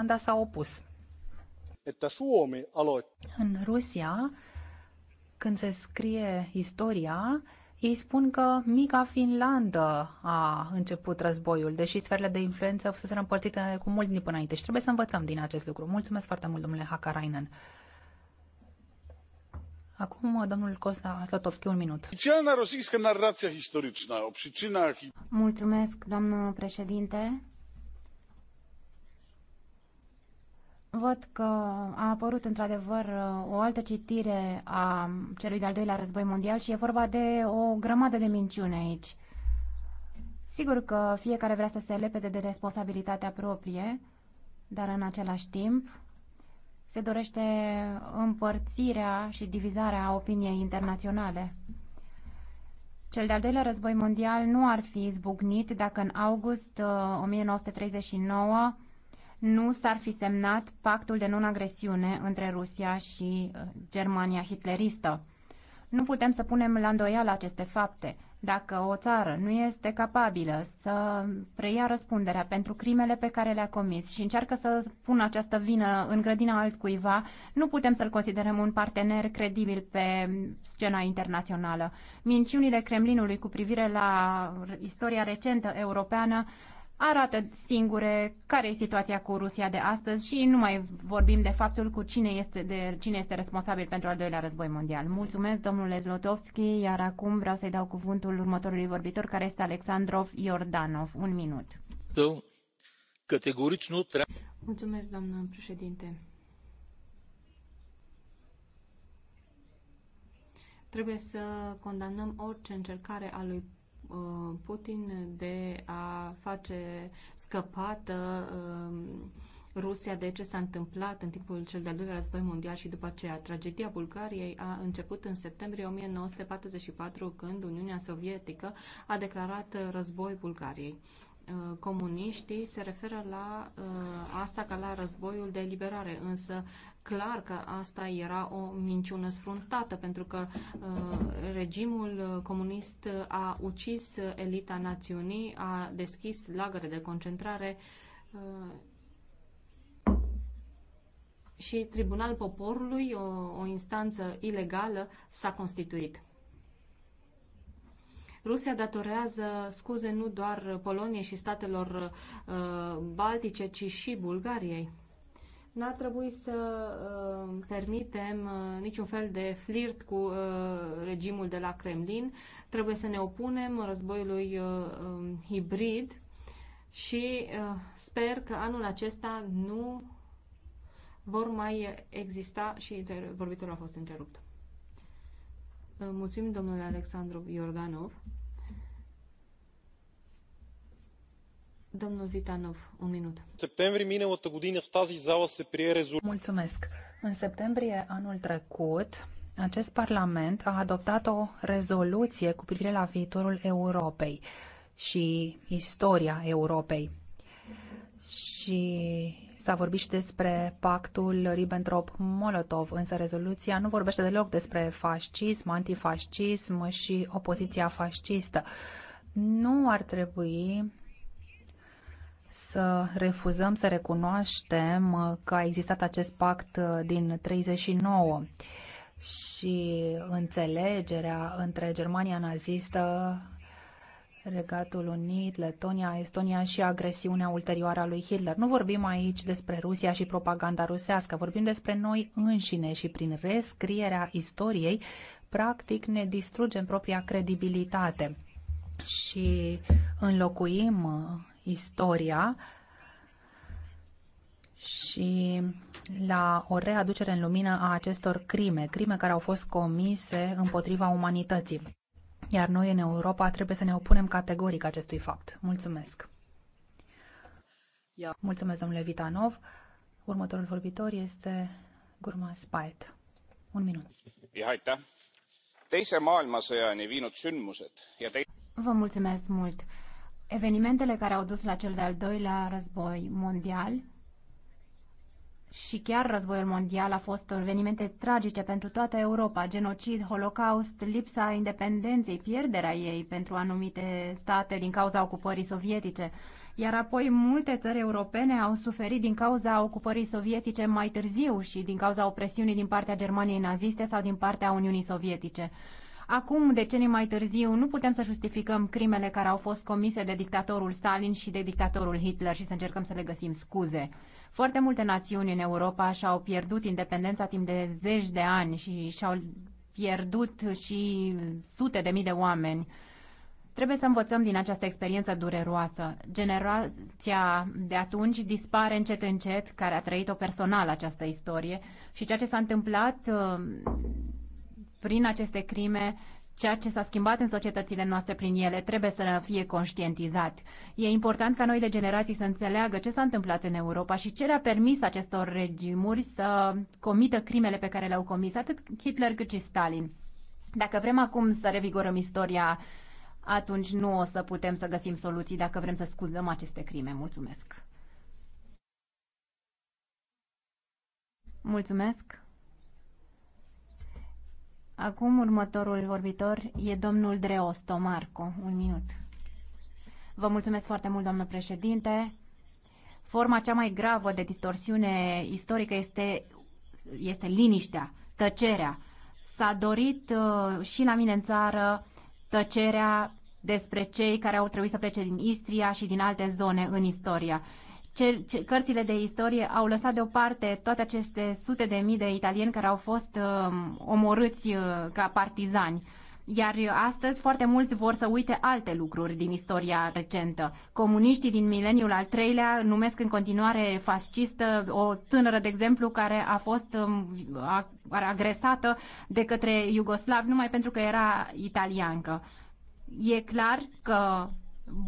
Finlanda s-a opus. În Rusia, când se scrie istoria, ei spun că mica Finlandă a început războiul, deși sferele de influență au fost împărțite cu mult timp înainte și trebuie să învățăm din acest lucru. Mulțumesc foarte mult, domnule Hakarainen. Acum, domnul Costa Slotovski, un minut. narrația istorică Mulțumesc, doamnă președinte. Văd că a apărut într-adevăr uh, o altă citire a celui de-al doilea război mondial și e vorba de o grămadă de minciune aici. Sigur că fiecare vrea să se lepede de responsabilitatea proprie, dar în același timp se dorește împărțirea și divizarea opiniei internaționale. Cel de-al doilea război mondial nu ar fi zbucnit dacă în august 1939 uh, nu s-ar fi semnat pactul de non-agresiune între Rusia și uh, Germania hitleristă. Nu putem să punem la îndoială aceste fapte. Dacă o țară nu este capabilă să preia răspunderea pentru crimele pe care le-a comis și încearcă să pună această vină în grădina altcuiva, nu putem să-l considerăm un partener credibil pe scena internațională. Minciunile Kremlinului cu privire la istoria recentă europeană arată singure care e situația cu Rusia de astăzi și nu mai vorbim de faptul cu cine este, de, cine este responsabil pentru al doilea război mondial. Mulțumesc, domnule Zlotovski, iar acum vreau să-i dau cuvântul următorului vorbitor, care este Alexandrov Iordanov. Un minut. Categoric nu trebuie. Mulțumesc, doamnă președinte. Trebuie să condamnăm orice încercare a lui Uh, Putin de a face scăpată um, Rusia de ce s-a întâmplat în timpul cel de-al doilea război mondial și după aceea. Tragedia Bulgariei a început în septembrie 1944 când Uniunea Sovietică a declarat război Bulgariei. Uh, comuniștii se referă la uh, asta ca la războiul de eliberare, însă clar că asta era o minciună sfruntată, pentru că uh, regimul comunist a ucis elita națiunii, a deschis lagăre de concentrare și Tribunal Poporului, o, o instanță ilegală, s-a constituit. Rusia datorează scuze nu doar Poloniei și statelor uh, baltice, ci și Bulgariei. N-ar trebui să uh, permitem uh, niciun fel de flirt cu uh, regimul de la Kremlin. Trebuie să ne opunem războiului uh, uh, hibrid și uh, sper că anul acesta nu vor mai exista și vorbitorul a fost întrerupt. Mulțumim, domnule Alexandru Iordanov. Domnul Vitanov, un minut. Septembrie миналата година в тази зала se prie резолюция. Mulțumesc. În septembrie anul trecut, acest parlament a adoptat o rezoluție cu privire la viitorul Europei și istoria Europei. Și S-a vorbit și despre pactul Ribbentrop-Molotov, însă rezoluția nu vorbește deloc despre fascism, antifascism și opoziția fascistă. Nu ar trebui să refuzăm să recunoaștem că a existat acest pact din 39 și înțelegerea între Germania nazistă Regatul Unit, Letonia, Estonia și agresiunea ulterioară a lui Hitler. Nu vorbim aici despre Rusia și propaganda rusească, vorbim despre noi înșine și prin rescrierea istoriei, practic ne distrugem propria credibilitate și înlocuim uh, istoria și la o readucere în lumină a acestor crime, crime care au fost comise împotriva umanității iar noi în Europa trebuie să ne opunem categoric acestui fapt. Mulțumesc! Mulțumesc, domnule Vitanov. Următorul vorbitor este Gurma Spaet. Un minut. Vă mulțumesc mult. Evenimentele care au dus la cel de-al doilea război mondial și chiar războiul mondial a fost evenimente tragice pentru toată Europa, genocid, holocaust, lipsa independenței, pierderea ei pentru anumite state din cauza ocupării sovietice. Iar apoi multe țări europene au suferit din cauza ocupării sovietice mai târziu și din cauza opresiunii din partea Germaniei naziste sau din partea Uniunii Sovietice. Acum, decenii mai târziu, nu putem să justificăm crimele care au fost comise de dictatorul Stalin și de dictatorul Hitler și să încercăm să le găsim scuze. Foarte multe națiuni în Europa și-au pierdut independența timp de zeci de ani și și-au pierdut și sute de mii de oameni. Trebuie să învățăm din această experiență dureroasă. Generația de atunci dispare încet încet, care a trăit-o personal această istorie și ceea ce s-a întâmplat uh, prin aceste crime Ceea ce s-a schimbat în societățile noastre prin ele trebuie să fie conștientizat. E important ca noile generații să înțeleagă ce s-a întâmplat în Europa și ce le-a permis acestor regimuri să comită crimele pe care le-au comis atât Hitler cât și Stalin. Dacă vrem acum să revigorăm istoria, atunci nu o să putem să găsim soluții dacă vrem să scuzăm aceste crime. Mulțumesc! Mulțumesc! Acum următorul vorbitor e domnul Dreos Tomarco. Un minut. Vă mulțumesc foarte mult, domnul președinte. Forma cea mai gravă de distorsiune istorică este, este liniștea, tăcerea. S-a dorit uh, și la mine în țară tăcerea despre cei care au trebuit să plece din Istria și din alte zone în istoria ce, ce, cărțile de istorie au lăsat deoparte toate aceste sute de mii de italieni care au fost uh, omorâți uh, ca partizani. Iar uh, astăzi foarte mulți vor să uite alte lucruri din istoria recentă. Comuniștii din mileniul al treilea numesc în continuare fascistă o tânără, de exemplu, care a fost um, agresată de către iugoslav numai pentru că era italiancă. E clar că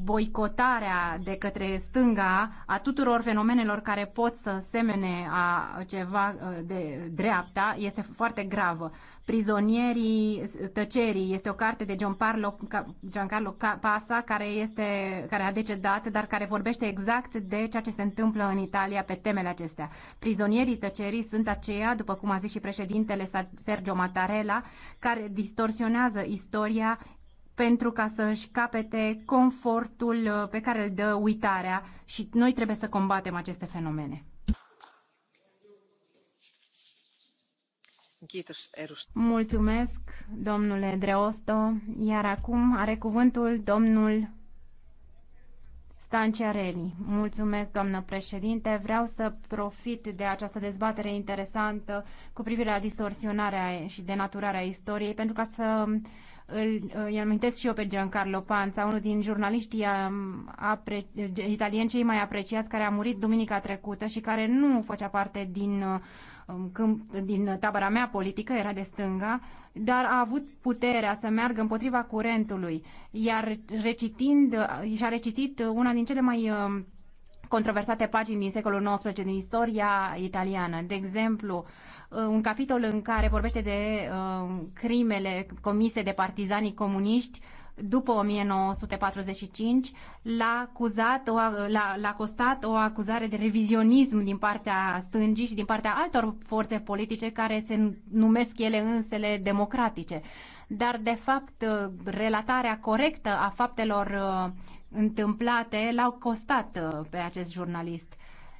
boicotarea de către stânga a tuturor fenomenelor care pot să semene a ceva uh, de dreapta este foarte gravă. Prizonierii tăcerii este o carte de Giancarlo, Giancarlo Pasa care, este, care a decedat, dar care vorbește exact de ceea ce se întâmplă în Italia pe temele acestea. Prizonierii tăcerii sunt aceia, după cum a zis și președintele Sergio Mattarella, care distorsionează istoria pentru ca să-și capete confortul uh, pe care îl dă uitarea și noi trebuie să combatem aceste fenomene. Mulțumesc, domnule Dreosto. Iar acum are cuvântul domnul Stanciarelli. Mulțumesc, doamnă președinte. Vreau să profit de această dezbatere interesantă cu privire la distorsionarea și denaturarea istoriei pentru ca să îl, îi amintesc și eu pe Giancarlo Panza, unul din jurnaliștii um, apre, italieni cei mai apreciați, care a murit duminica trecută și care nu făcea parte din, um, câmp, din tabăra mea politică, era de stânga, dar a avut puterea să meargă împotriva curentului, iar recitind, și-a recitit una din cele mai um, controversate pagini din secolul XIX din istoria italiană. De exemplu, Uh, un capitol în care vorbește de uh, crimele comise de partizanii comuniști după 1945, l-a, acuzat, o, l-a, l-a costat o acuzare de revizionism din partea stângii și din partea altor forțe politice care se numesc ele însele democratice. Dar, de fapt, uh, relatarea corectă a faptelor uh, întâmplate l-au costat pe acest jurnalist.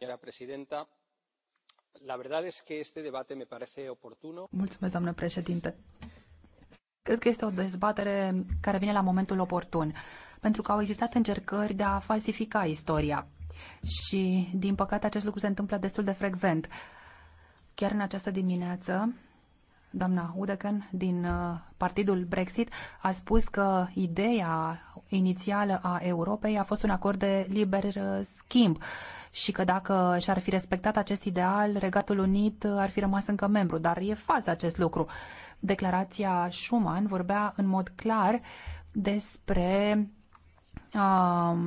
señora presidenta la verdad es que este debate me parece oportuno. Mulțumesc, doamnă președinte. Cred că este o dezbatere care vine la momentul oportun, pentru că au existat încercări de a falsifica istoria. Și, din păcate, acest lucru se întâmplă destul de frecvent. Chiar în această dimineață doamna Udecan din uh, partidul Brexit a spus că ideea inițială a Europei a fost un acord de liber uh, schimb și că dacă și-ar fi respectat acest ideal, Regatul Unit uh, ar fi rămas încă membru, dar e fals acest lucru. Declarația Schuman vorbea în mod clar despre uh,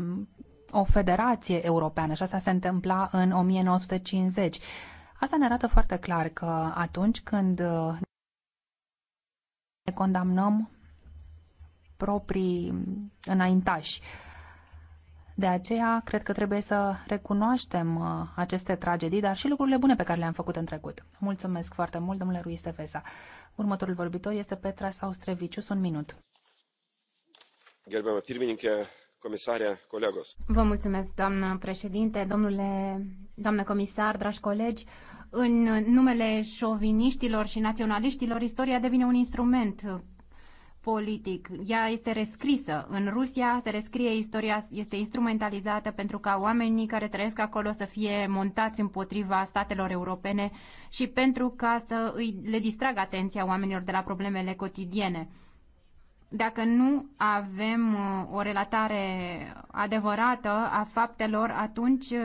o federație europeană și asta se întâmpla în 1950. Asta ne arată foarte clar că atunci când ne condamnăm proprii înaintași. De aceea, cred că trebuie să recunoaștem uh, aceste tragedii, dar și lucrurile bune pe care le-am făcut în trecut. Mulțumesc foarte mult, domnule Rui de Următorul vorbitor este Petra Austrevicius, un minut. Gerbiamă pirmininke, comisare, colegos. Vă mulțumesc, doamnă președinte, domnule, doamnă comisar, dragi colegi în numele șoviniștilor și naționaliștilor, istoria devine un instrument uh, politic. Ea este rescrisă. În Rusia se rescrie istoria, este instrumentalizată pentru ca oamenii care trăiesc acolo să fie montați împotriva statelor europene și pentru ca să îi, le distragă atenția oamenilor de la problemele cotidiene. Dacă nu avem uh, o relatare adevărată a faptelor, atunci uh,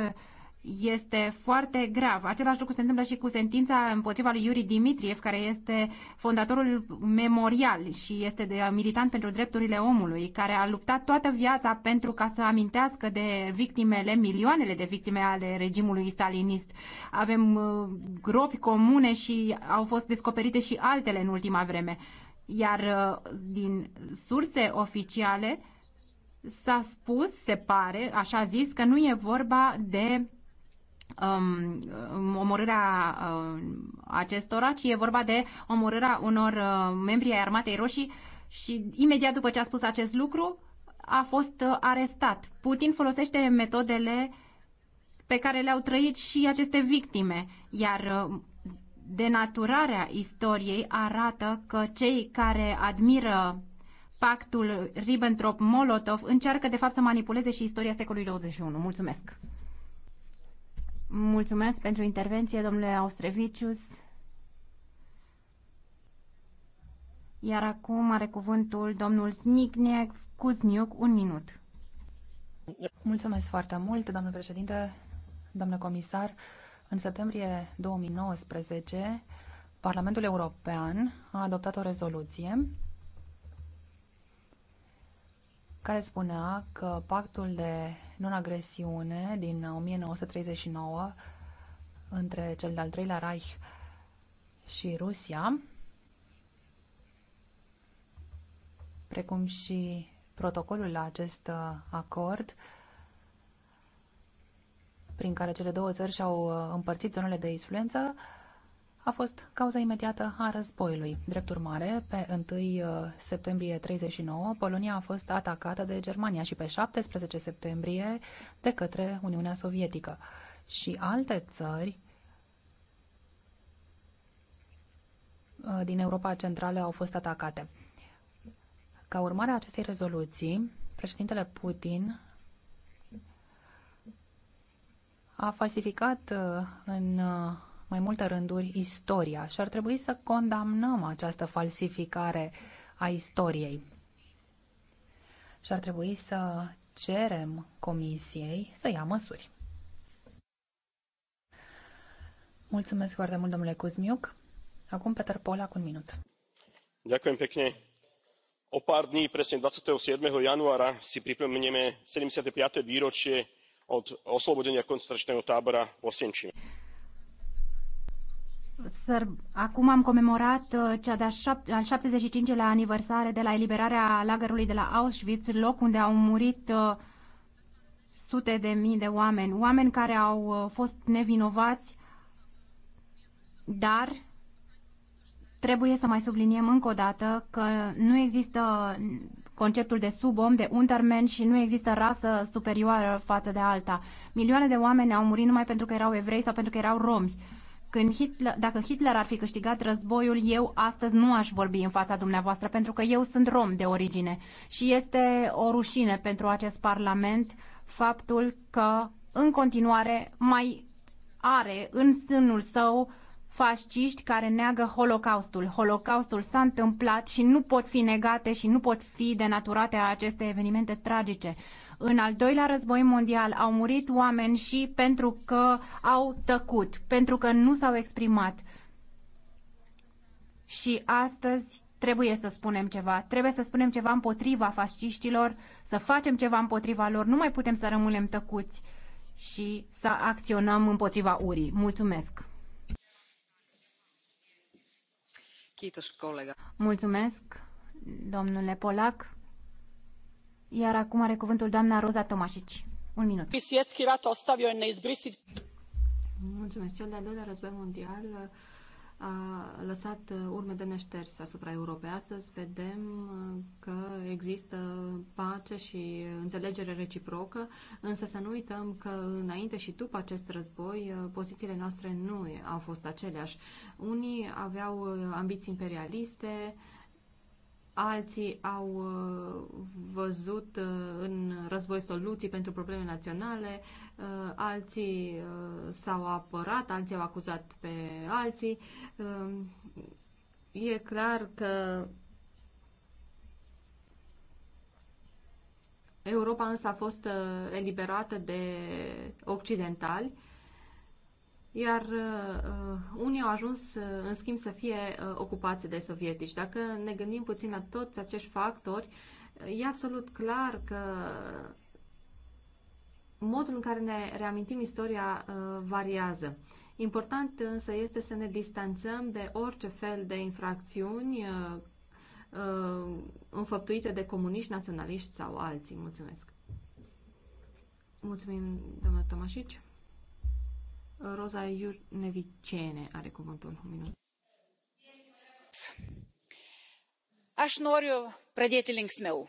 este foarte grav. Același lucru se întâmplă și cu sentința împotriva lui Yuri Dimitriev, care este fondatorul memorial și este de militant pentru drepturile omului, care a luptat toată viața pentru ca să amintească de victimele, milioanele de victime ale regimului stalinist. Avem uh, gropi comune și au fost descoperite și altele în ultima vreme. Iar uh, din surse oficiale s-a spus, se pare, așa zis, că nu e vorba de um, omorârea uh, acestora, ci e vorba de omorârea unor uh, membri ai Armatei Roșii și imediat după ce a spus acest lucru a fost uh, arestat. Putin folosește metodele pe care le-au trăit și aceste victime, iar uh, denaturarea istoriei arată că cei care admiră pactul Ribbentrop-Molotov încearcă de fapt să manipuleze și istoria secolului 21. Mulțumesc! Mulțumesc pentru intervenție, domnule Austrevicius. Iar acum are cuvântul domnul Snicniec Cuzniuc, un minut. Mulțumesc foarte mult, doamnă președinte, doamnă comisar. În septembrie 2019, Parlamentul European a adoptat o rezoluție care spunea că pactul de non-agresiune din 1939 între cel de-al treilea Reich și Rusia, precum și protocolul la acest uh, acord, prin care cele două țări și-au uh, împărțit zonele de influență, a fost cauza imediată a războiului. Drept urmare, pe 1 uh, septembrie 39, Polonia a fost atacată de Germania și pe 17 septembrie de către Uniunea Sovietică. Și alte țări uh, din Europa Centrală au fost atacate. Ca urmare a acestei rezoluții, președintele Putin a falsificat uh, în mai multe rânduri istoria și ar trebui să condamnăm această falsificare a istoriei. Și ar trebui să cerem Comisiei să ia măsuri. Mulțumesc foarte mult, domnule Cuzmiuc. Acum Peter Polak, un minut. Ďakujem pekne. O pár dní, presne 27. januára, si pripomenieme 75. výročie od oslobodenia koncentračného tábora v Osienčine. Acum am comemorat uh, cea de-a șap- al 75-lea aniversare de la eliberarea lagărului de la Auschwitz, loc unde au murit uh, sute de mii de oameni, oameni care au uh, fost nevinovați, dar trebuie să mai subliniem încă o dată că nu există conceptul de subom, de untermen și nu există rasă superioară față de alta. Milioane de oameni au murit numai pentru că erau evrei sau pentru că erau romi. Când Hitler, dacă Hitler ar fi câștigat războiul, eu astăzi nu aș vorbi în fața dumneavoastră, pentru că eu sunt rom de origine. Și este o rușine pentru acest Parlament faptul că, în continuare, mai are în sânul său fasciști care neagă Holocaustul. Holocaustul s-a întâmplat și nu pot fi negate și nu pot fi denaturate aceste evenimente tragice. În al doilea război mondial au murit oameni și pentru că au tăcut, pentru că nu s-au exprimat. Și astăzi trebuie să spunem ceva. Trebuie să spunem ceva împotriva fasciștilor, să facem ceva împotriva lor. Nu mai putem să rămânem tăcuți și să acționăm împotriva urii. Mulțumesc! Mulțumesc, domnule Polac. Iar acum are cuvântul doamna Roza Tomașici. Un minut. Mulțumesc. Cel de-al doilea război mondial uh, a lăsat uh, urme de neșters asupra Europei. Astăzi vedem uh, că există pace și înțelegere reciprocă, însă să nu uităm că înainte și după acest război pozițiile noastre nu au fost aceleași. Unii aveau ambiții imperialiste, alții au uh, văzut uh, în război soluții pentru probleme naționale, uh, alții s-au apărat, alții au acuzat pe alții. E clar că Europa însă a fost eliberată de occidentali iar uh, uh, unii au ajuns, uh, în schimb, să fie uh, ocupați de sovietici. Dacă ne gândim puțin la toți acești factori, e absolut clar că modul în care ne reamintim istoria uh, variază. Important însă este să ne distanțăm de orice fel de infracțiuni uh, uh, înfăptuite de comuniști, naționaliști sau alții. Mulțumesc! Mulțumim, domnul Tomașici! Roza Iurnevicene are cuvântul. Un minut. Aš noriu pradėti linksmiau.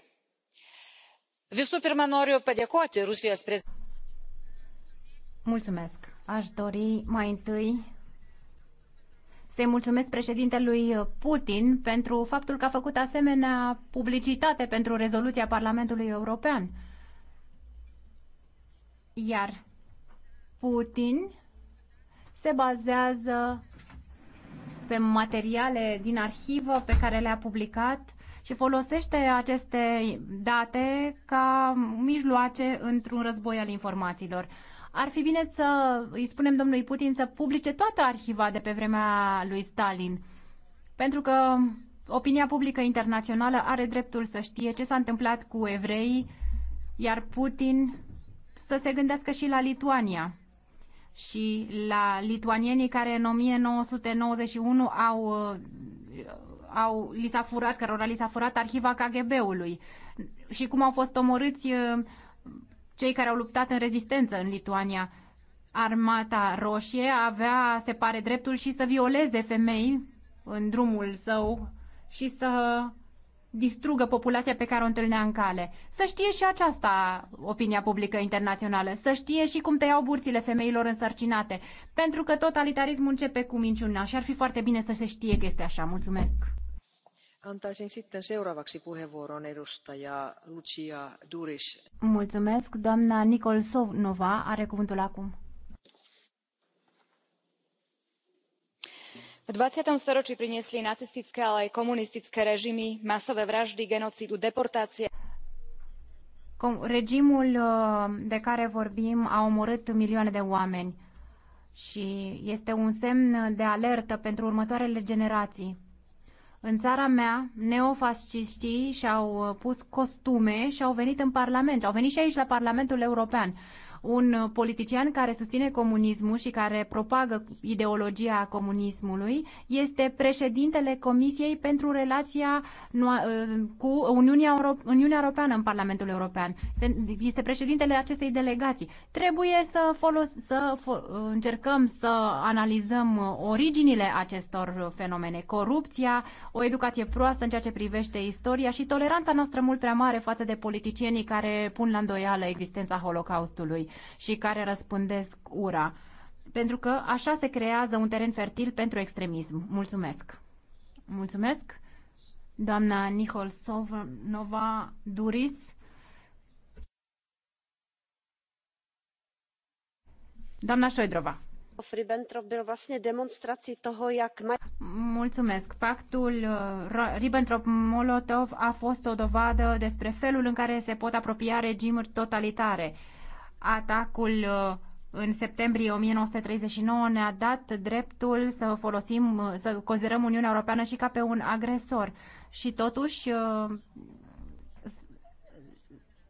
Visų pirma, noriu padėkoti Rusijos prezidentui. Mulțumesc. Aș dori mai întâi să-i mulțumesc președintelui Putin pentru faptul că a făcut asemenea publicitate pentru rezoluția Parlamentului European. Iar Putin se bazează pe materiale din arhivă pe care le-a publicat și folosește aceste date ca mijloace într-un război al informațiilor. Ar fi bine să îi spunem domnului Putin să publice toată arhiva de pe vremea lui Stalin, pentru că opinia publică internațională are dreptul să știe ce s-a întâmplat cu evreii, iar Putin să se gândească și la Lituania și la lituanienii care în 1991 au, uh, au, li s-a furat, cărora li s-a furat arhiva KGB-ului și cum au fost omorâți uh, cei care au luptat în rezistență în Lituania. Armata Roșie avea, se pare, dreptul și să violeze femei în drumul său și să distrugă populația pe care o întâlnea în cale. Să știe și aceasta opinia publică internațională, să știe și cum tăiau burțile femeilor însărcinate, pentru că totalitarismul începe cu minciuna și ar fi foarte bine să se știe că este așa. Mulțumesc! Antaisin sitten seuraavaksi puheenvuoron edustaja Lucia Duris. Mulțumesc, doamna Nicol Sovnova are cuvântul acum. v. twenty storočí priniesli nacistické ale aj komunistické režimy masové vraždy genocídu deportácie. regimul uh, de care vorbim a omorât milioane de oameni și este un semn de alertă pentru următoarele generații. În țara mea, neofasciștii și-au uh, pus costume și au venit în Parlament. Au venit și aici la Parlamentul European un politician care susține comunismul și care propagă ideologia comunismului este președintele Comisiei pentru relația cu Uniunea, Euro- Uniunea Europeană în Parlamentul European. Este președintele acestei delegații. Trebuie să, folos- să fo- încercăm să analizăm originile acestor fenomene. Corupția, o educație proastă în ceea ce privește istoria și toleranța noastră mult prea mare față de politicienii care pun la îndoială existența Holocaustului și care răspândesc ura. Pentru că așa se creează un teren fertil pentru extremism. Mulțumesc! Mulțumesc! Doamna Nihol Sovnova Duris. Doamna Șoidrova. Mulțumesc. Pactul uh, Ribbentrop-Molotov a fost o dovadă despre felul în care se pot apropia regimuri totalitare. Atacul uh, în septembrie 1939 ne-a dat dreptul să folosim, uh, să considerăm Uniunea Europeană și ca pe un agresor. Și totuși uh,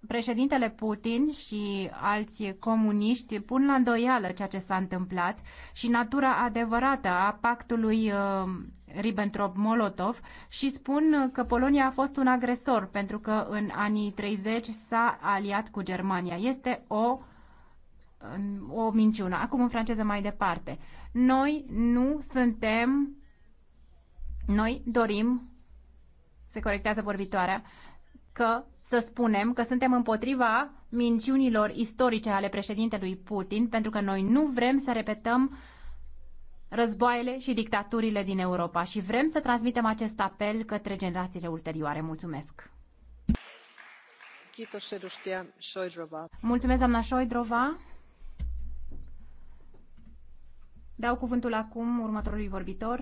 președintele Putin și alți comuniști pun la îndoială ceea ce s-a întâmplat și natura adevărată a pactului Ribbentrop-Molotov și spun că Polonia a fost un agresor pentru că în anii 30 s-a aliat cu Germania. Este o o minciună. Acum în franceză mai departe. Noi nu suntem noi dorim se corectează vorbitoarea că să spunem că suntem împotriva minciunilor istorice ale președintelui Putin, pentru că noi nu vrem să repetăm uh, războaiele și dictaturile din Europa și vrem să transmitem acest apel către generațiile ulterioare. Mulțumesc! Mulțumesc, doamna Șoidrova. Dau cuvântul acum următorului vorbitor,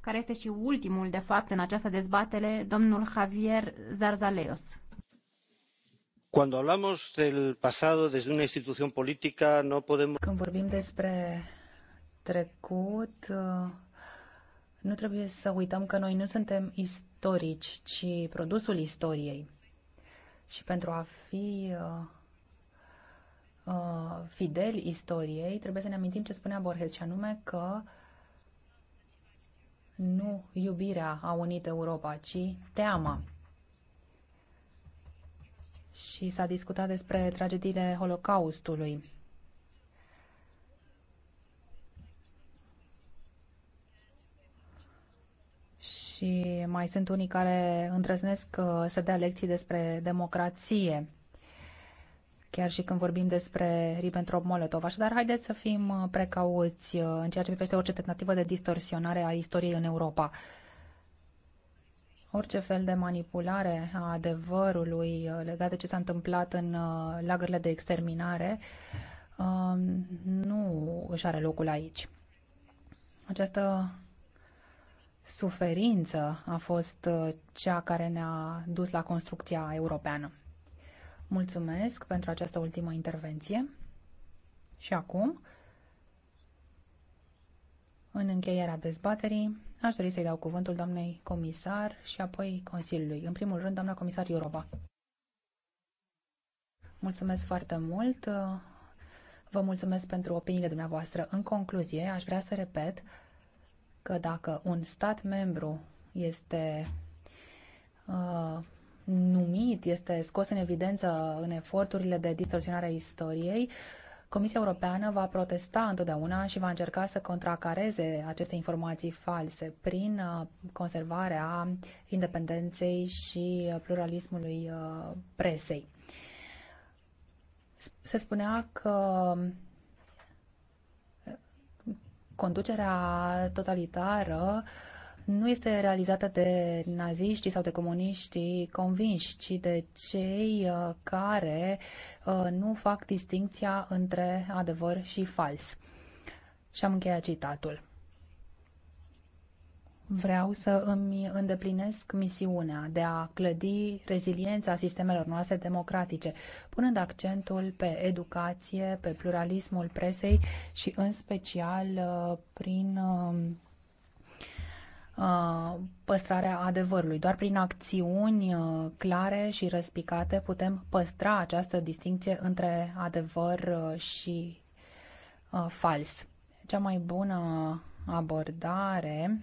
care este și ultimul, de fapt, în această dezbatere, domnul Javier Zarzaleos. Când vorbim despre trecut, uh, nu trebuie să uităm că noi nu suntem istorici, ci produsul istoriei. Și pentru a fi uh, uh, fideli istoriei, trebuie să ne amintim ce spunea Borges, și anume că nu iubirea a unit Europa, ci teama. Și s-a discutat despre tragediile Holocaustului. mai sunt unii care îndrăznesc uh, să dea lecții despre democrație, chiar și când vorbim despre Ribbentrop-Molotov. Așadar, haideți să fim uh, precauți uh, în ceea ce privește orice tentativă de distorsionare a istoriei în Europa. Orice fel de manipulare a adevărului legat de ce s-a întâmplat în lagările de exterminare um, nu își are locul aici. Această suferință a fost uh, cea care ne-a dus la construcția europeană. Mulțumesc pentru această ultimă intervenție. Și acum, în încheierea dezbaterii, aș dori să-i dau cuvântul doamnei comisar și apoi Consiliului. În primul rând, doamna comisar Iorova. Mulțumesc foarte mult. Vă mulțumesc pentru opiniile dumneavoastră. În concluzie, aș vrea să repet că dacă un stat membru este uh, numit, este scos în evidență în eforturile de distorsionare a istoriei, Comisia Europeană va protesta întotdeauna și va încerca să contracareze aceste informații false prin uh, conservarea independenței și pluralismului uh, presei. Se spunea că conducerea totalitară nu este realizată de naziștii sau de comuniștii convinși, ci de cei uh, care uh, nu fac distinția între adevăr și fals. Și am încheiat citatul vreau să îmi îndeplinesc misiunea de a clădi reziliența sistemelor noastre democratice, punând accentul pe educație, pe pluralismul presei și în special uh, prin um, uh, păstrarea adevărului. Doar prin acțiuni uh, clare și răspicate putem păstra această distinție între adevăr și fals. Cea mai bună abordare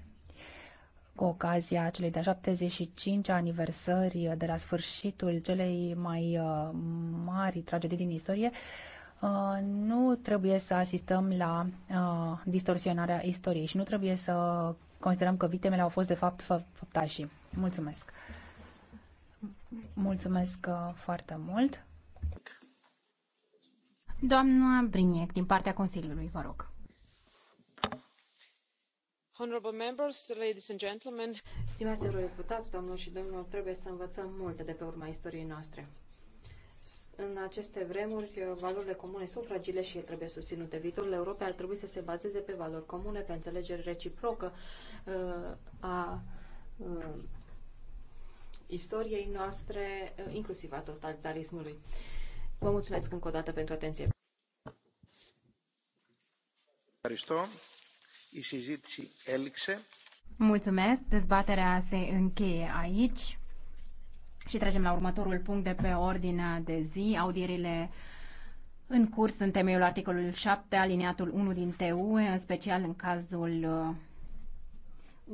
cu ocazia celei de-a 75 aniversări de la sfârșitul celei mai uh, mari tragedii din istorie, uh, nu trebuie să asistăm la uh, distorsionarea istoriei și nu trebuie să considerăm că victimele au fost de fapt făptașii. Mulțumesc! Mulțumesc foarte mult! Doamna Briniec, din partea Consiliului, vă rog. Stimați eurodeputați, doamnelor și domnilor, trebuie să învățăm multe de pe urma istoriei noastre. În aceste vremuri, valorile comune sunt fragile și ele trebuie susținute. Viitorul Europei ar trebui să se bazeze pe valori comune, pe înțelegere reciprocă uh, a uh, istoriei noastre, uh, inclusiv a totalitarismului. Vă mulțumesc încă o dată pentru atenție. Aristo. Mulțumesc, dezbaterea se încheie aici și trecem la următorul punct de pe ordinea de zi, audierile în curs în temeiul articolului 7, aliniatul 1 din TU, în special în cazul uh,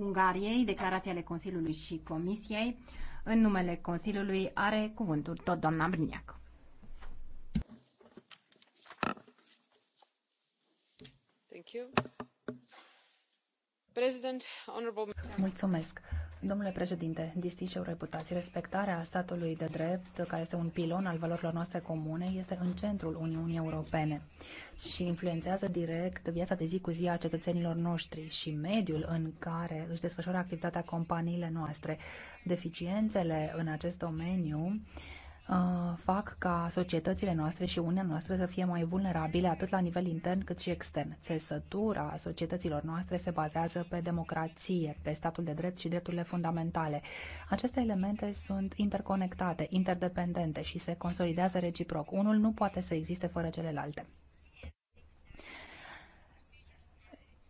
Ungariei, declarația ale Consiliului și Comisiei. În numele Consiliului are cuvântul tot doamna Briniac. Thank you. Mulțumesc. Domnule președinte, distinși eurodeputați, respectarea statului de drept, care este un pilon al valorilor noastre comune, este în centrul Uniunii Europene și influențează direct viața de zi cu zi a cetățenilor noștri și mediul în care își desfășoară activitatea companiile noastre. Deficiențele în acest domeniu uh, Uh, fac ca societățile noastre și uniunea noastră să fie mai vulnerabile atât la nivel intern cât și extern. Țesătura societăților noastre se bazează pe democrație, pe statul de drept și drepturile fundamentale. Aceste elemente sunt interconectate, interdependente și se consolidează reciproc. Unul nu poate să existe fără celelalte.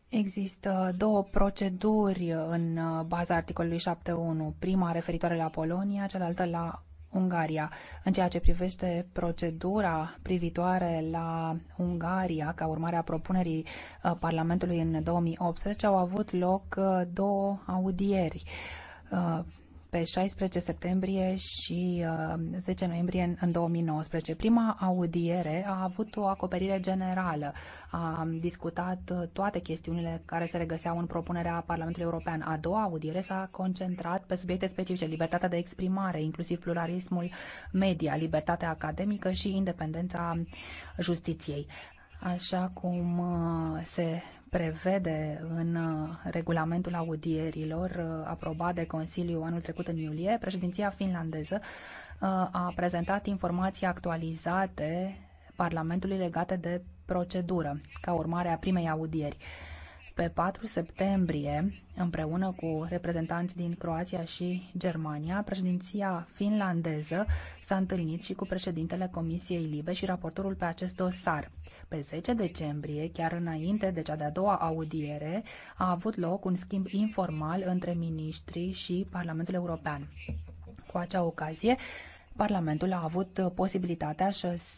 Există două proceduri în baza articolului 7.1, prima referitoare la Polonia, cealaltă la Ungaria. În ceea ce privește procedura privitoare la Ungaria, ca urmare a propunerii uh, Parlamentului în 2018, au avut loc uh, două audieri uh, pe 16 septembrie și 10 uh, noiembrie în 2019. Prima audiere a avut o acoperire generală. a discutat uh, toate chestiunile care se regăseau în propunerea Parlamentului European. A doua audiere s-a concentrat pe subiecte specifice, libertatea de exprimare, inclusiv pluralismul media, libertatea academică și independența justiției. Așa cum uh, se prevede în uh, regulamentul audierilor uh, aprobat de Consiliu anul trecut în iulie, președinția finlandeză uh, a prezentat informații actualizate Parlamentului legate de procedură, ca urmare a primei audieri. Pe 4 septembrie, împreună cu reprezentanți din Croația și Germania, președinția finlandeză s-a întâlnit și cu președintele Comisiei Libe și raportorul pe acest dosar. Pe 10 decembrie, chiar înainte de cea de-a doua audiere, a avut loc un schimb informal între miniștri și Parlamentul European. Cu acea ocazie, Parlamentul a avut uh, posibilitatea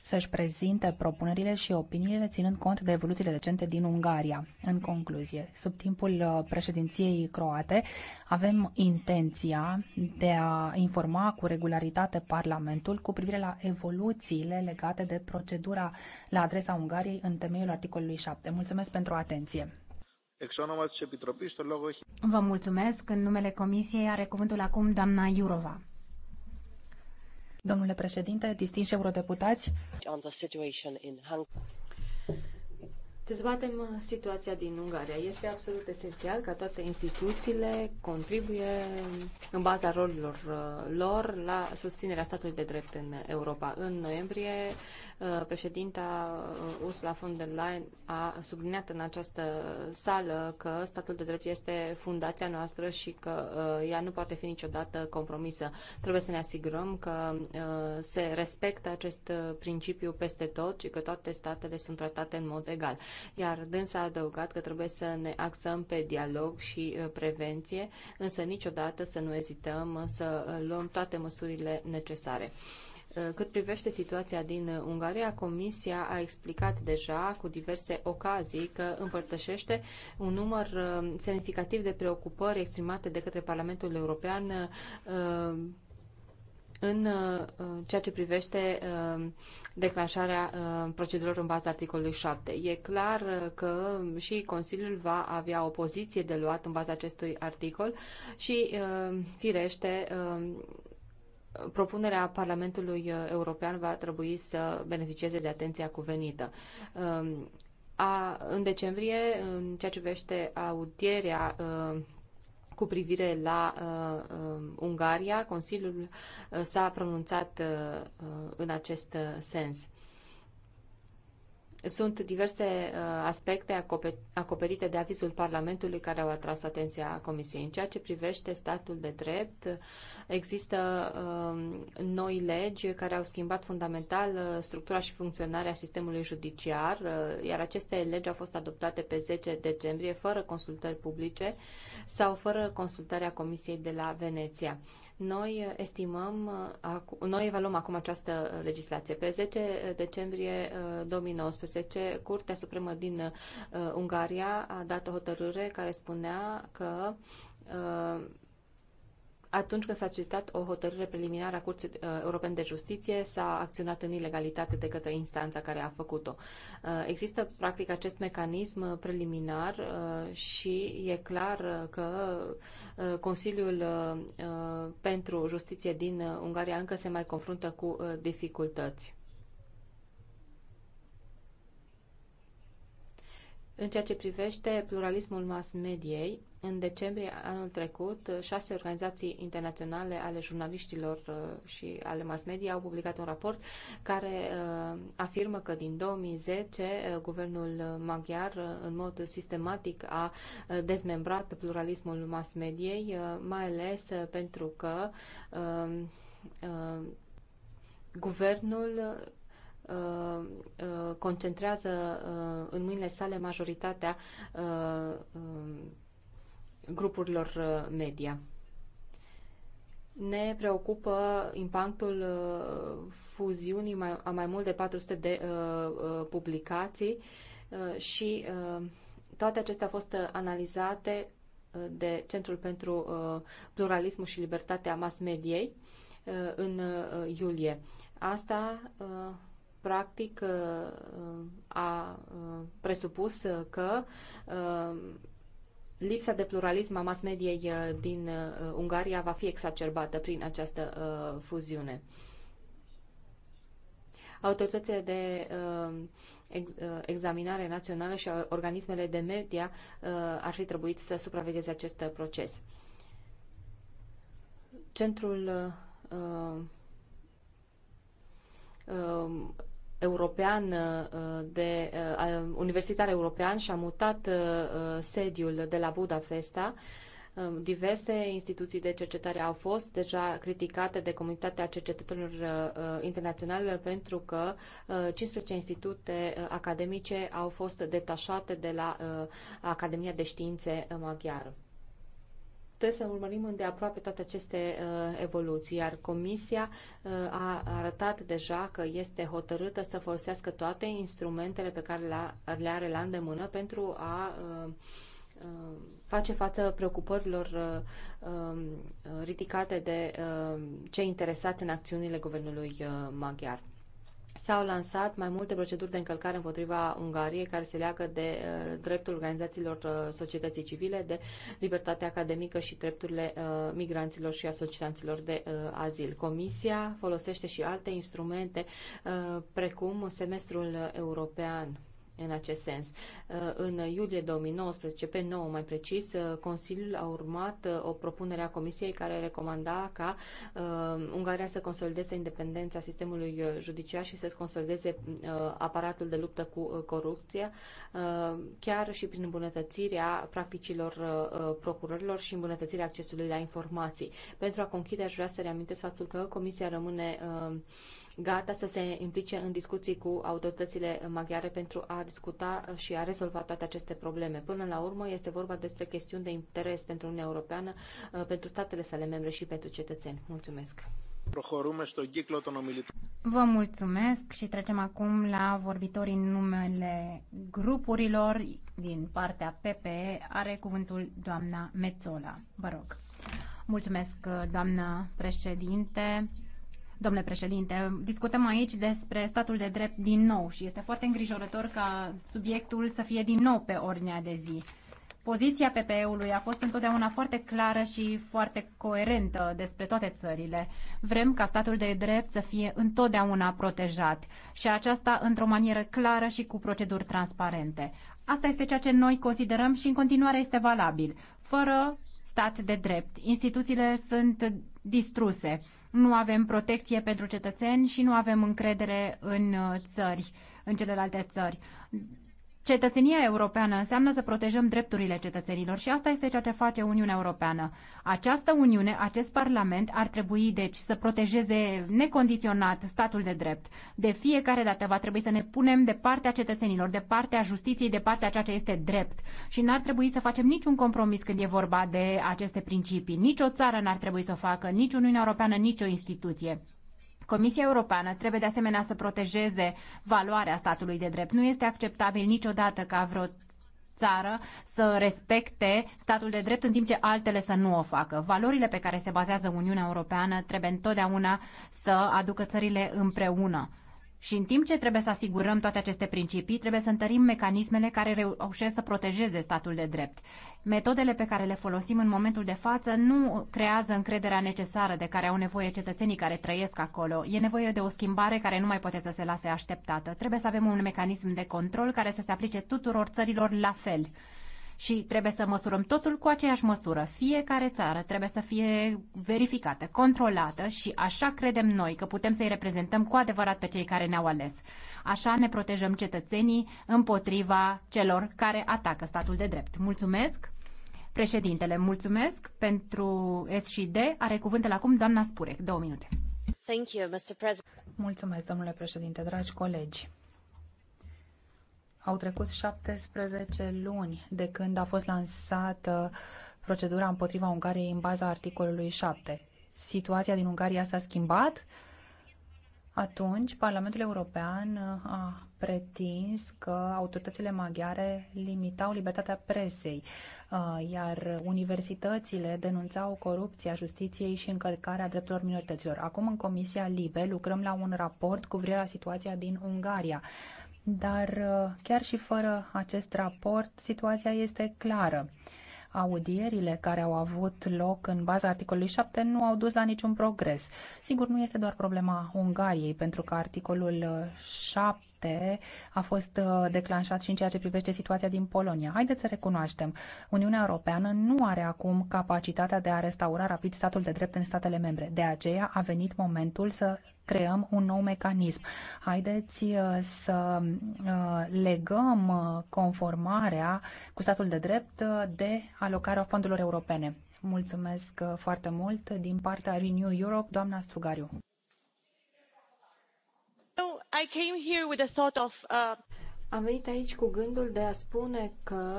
să-și prezinte propunerile și opiniile ținând cont de evoluțiile recente din Ungaria. În concluzie, sub timpul uh, președinției croate avem intenția de a informa cu regularitate Parlamentul cu privire la evoluțiile legate de procedura la adresa Ungariei în temeiul articolului 7. Mulțumesc pentru atenție! Vă mulțumesc. În numele Comisiei are cuvântul acum doamna Iurova. Domnule președinte, distinși eurodeputați, Dezbatem uh, situația din Ungaria. Este absolut esențial ca toate instituțiile contribuie în baza rolurilor uh, lor la susținerea statului de drept în Europa. În noiembrie Uh, președinta uh, Ursula von der Leyen a subliniat în această sală că statul de drept este fundația noastră și că uh, ea nu poate fi niciodată compromisă. Trebuie să ne asigurăm că se respectă acest principiu peste tot și că toate statele sunt tratate în mod egal. Iar dânsa a adăugat că trebuie să ne axăm pe dialog și prevenție, însă niciodată să nu ezităm să luăm toate măsurile necesare. Eh, cât privește situația din eh, Ungaria, Comisia a explicat deja cu diverse ocazii că împărtășește un număr eh, semnificativ de preocupări exprimate de către Parlamentul European în ceea ce privește declanșarea procedurilor în baza articolului 7. E clar că și Consiliul va avea o poziție de luat în baza acestui articol și, firește, propunerea Parlamentului uh, European va trebui să beneficieze de atenția cuvenită. Um, a, în decembrie, în ceea ce privește audierea uh, cu privire la uh, um, Ungaria, Consiliul uh, s-a pronunțat uh, uh în acest sens. Sunt diverse uh, aspecte acoperite de avizul Parlamentului care au atras atenția Comisiei. În ceea ce privește statul de drept, există uh, noi legi care au schimbat fundamental uh, structura și funcționarea sistemului judiciar, iar aceste legi au fost adoptate pe 10 decembrie fără consultări publice sau fără consultarea Comisiei de la Veneția. Noi estimăm, uh, noi evaluăm acum această legislație. Pe 10 decembrie 2019, uh, Curtea Supremă din uh, Ungaria a dat o hotărâre care spunea că atunci când s-a citat o hotărâre preliminară a Curții uh, Europene de Justiție, s-a acționat în ilegalitate de către instanța care a făcut-o. Uh, există, practic, acest mecanism preliminar uh, și e clar că Consiliul pentru Justiție din Ungaria încă se mai confruntă cu dificultăți. În ceea ce privește pluralismul mass mediei, în decembrie anul trecut, șase organizații internaționale ale jurnaliștilor uh, și ale mass media au publicat un raport care uh, afirmă că din 2010 uh, guvernul maghiar în mod sistematic a dezmembrat pluralismul mass mediei, mai ales pentru că guvernul Uh, uh, concentrează uh, în mâinile sale majoritatea um, grupurilor media. Ne preocupă impactul fuziunii a mai mult de 400 de publicații și toate acestea au fost analizate de Centrul pentru Pluralismul și Libertatea Mass Mediei în iulie. Asta practic uh, a uh, presupus că uh, lipsa de pluralism a mass mediei din Ungaria va fi exacerbată prin această fuziune. Autoritățile de examinare națională și organismele de media ar fi trebuit să supravegheze acest proces. Centrul european uh, de uh, universitar european și a mutat uh, sediul de la Budapesta. Um, diverse instituții de cercetare au fost deja criticate de comunitatea cercetătorilor internaționale pentru că 15 institute academice au fost detașate de la Academia de Științe Maghiară trebuie să urmărim îndeaproape toate aceste uh, evoluții, iar Comisia uh, a arătat deja că este hotărâtă să folosească toate instrumentele pe care le are la îndemână pentru a uh, uh face față preocupărilor uh, um, ridicate de uh, cei interesați în acțiunile guvernului maghiar s-au lansat mai multe proceduri de încălcare împotriva Ungariei care se leagă de uh, dreptul organizațiilor uh, societății civile, de libertatea academică și drepturile uh, migranților și a solicitanților de uh, azil. Comisia folosește și alte instrumente uh, precum semestrul european în acest sens. Uh, în iulie 2019, pe 9 mai precis, uh, Consiliul a urmat uh, o propunere a Comisiei care recomanda ca Ungaria să consolideze independența sistemului judiciar și să consolideze aparatul de luptă cu corupția, chiar și prin îmbunătățirea practicilor procurorilor și îmbunătățirea accesului la informații. Pentru a conchide, aș vrea să reamintesc faptul că Comisia rămâne gata să se implice în discuții cu autoritățile maghiare pentru a discuta și a rezolva toate aceste probleme. Până la urmă este vorba despre chestiuni de interes pentru Uniunea Europeană, uh, pentru statele sale membre și pentru cetățeni. Mulțumesc! Vă mulțumesc și trecem acum la vorbitorii în numele grupurilor din partea PPE. Are cuvântul doamna Mețola. Vă rog. Mulțumesc, doamna președinte. Domnule președinte, discutăm aici despre statul de drept din nou și este foarte îngrijorător ca subiectul să fie din nou pe ordinea de zi. Poziția PPE-ului a fost întotdeauna foarte clară și foarte coerentă despre toate țările. Vrem ca statul de drept să fie întotdeauna protejat și aceasta într-o manieră clară și cu proceduri transparente. Asta este ceea ce noi considerăm și în continuare este valabil. Fără stat de drept, instituțiile sunt distruse nu avem protecție pentru cetățeni și nu avem încredere în uh, țări, în celelalte țări. Cetățenia europeană înseamnă să protejăm drepturile cetățenilor și asta este ceea ce face Uniunea Europeană. Această Uniune, acest Parlament ar trebui, deci, să protejeze necondiționat statul de drept. De fiecare dată va trebui să ne punem de partea cetățenilor, de partea justiției, de partea ceea ce este drept. Și n-ar trebui să facem niciun compromis când e vorba de aceste principii. Nici o țară n-ar trebui să o facă, nici Uniunea Europeană, nici o instituție. Comisia Europeană trebuie de asemenea să protejeze valoarea statului de drept. Nu este acceptabil niciodată ca vreo țară să respecte statul de drept în timp ce altele să nu o facă. Valorile pe care se bazează Uniunea Europeană trebuie întotdeauna să aducă țările împreună. Și în timp ce trebuie să asigurăm toate aceste principii, trebuie să întărim mecanismele care reușesc să protejeze statul de drept. Metodele pe care le folosim în momentul de față nu creează încrederea necesară de care au nevoie cetățenii care trăiesc acolo. E nevoie de o schimbare care nu mai poate să se lase așteptată. Trebuie să avem un mecanism de control care să se aplice tuturor țărilor la fel și trebuie să măsurăm totul cu aceeași măsură. Fiecare țară trebuie să fie verificată, controlată și așa credem noi că putem să-i reprezentăm cu adevărat pe cei care ne-au ales. Așa ne protejăm cetățenii împotriva celor care atacă statul de drept. Mulțumesc! Președintele, mulțumesc pentru S&D. Are cuvântul acum doamna Spurec. Două minute. Mulțumesc, domnule președinte, dragi colegi. Au trecut 17 luni de când a fost lansată procedura împotriva Ungariei în baza articolului 7. Situația din Ungaria s-a schimbat? Atunci, Parlamentul European a pretins că autoritățile maghiare limitau libertatea presei, iar universitățile denunțau corupția justiției și încălcarea drepturilor minorităților. Acum, în Comisia Libe, lucrăm la un raport cu privire la situația din Ungaria dar uh, chiar și fără acest raport, situația este clară. Audierile care au avut loc în baza articolului 7 nu au dus la niciun progres. Sigur, nu este doar problema Ungariei, pentru că articolul 7 uh, a fost uh, declanșat și în ceea ce privește situația din Polonia. Haideți să recunoaștem, Uniunea Europeană nu are acum capacitatea de a restaura rapid statul de drept în statele membre. De aceea a venit momentul să creăm un nou mecanism. Haideți uh, să uh, legăm uh, conformarea cu statul de drept de alocarea fondurilor europene. Mulțumesc foarte mult din partea Renew Europe, doamna Strugariu. I came here with a thought of, uh... Am venit aici cu gândul de a spune că